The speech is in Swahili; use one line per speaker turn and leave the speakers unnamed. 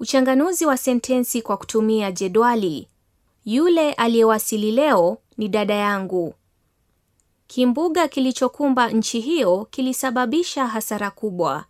Uchanganuzi wa sentensi kwa kutumia jedwali. Yule aliyewasili leo ni dada yangu. Kimbuga kilichokumba nchi hiyo
kilisababisha hasara kubwa.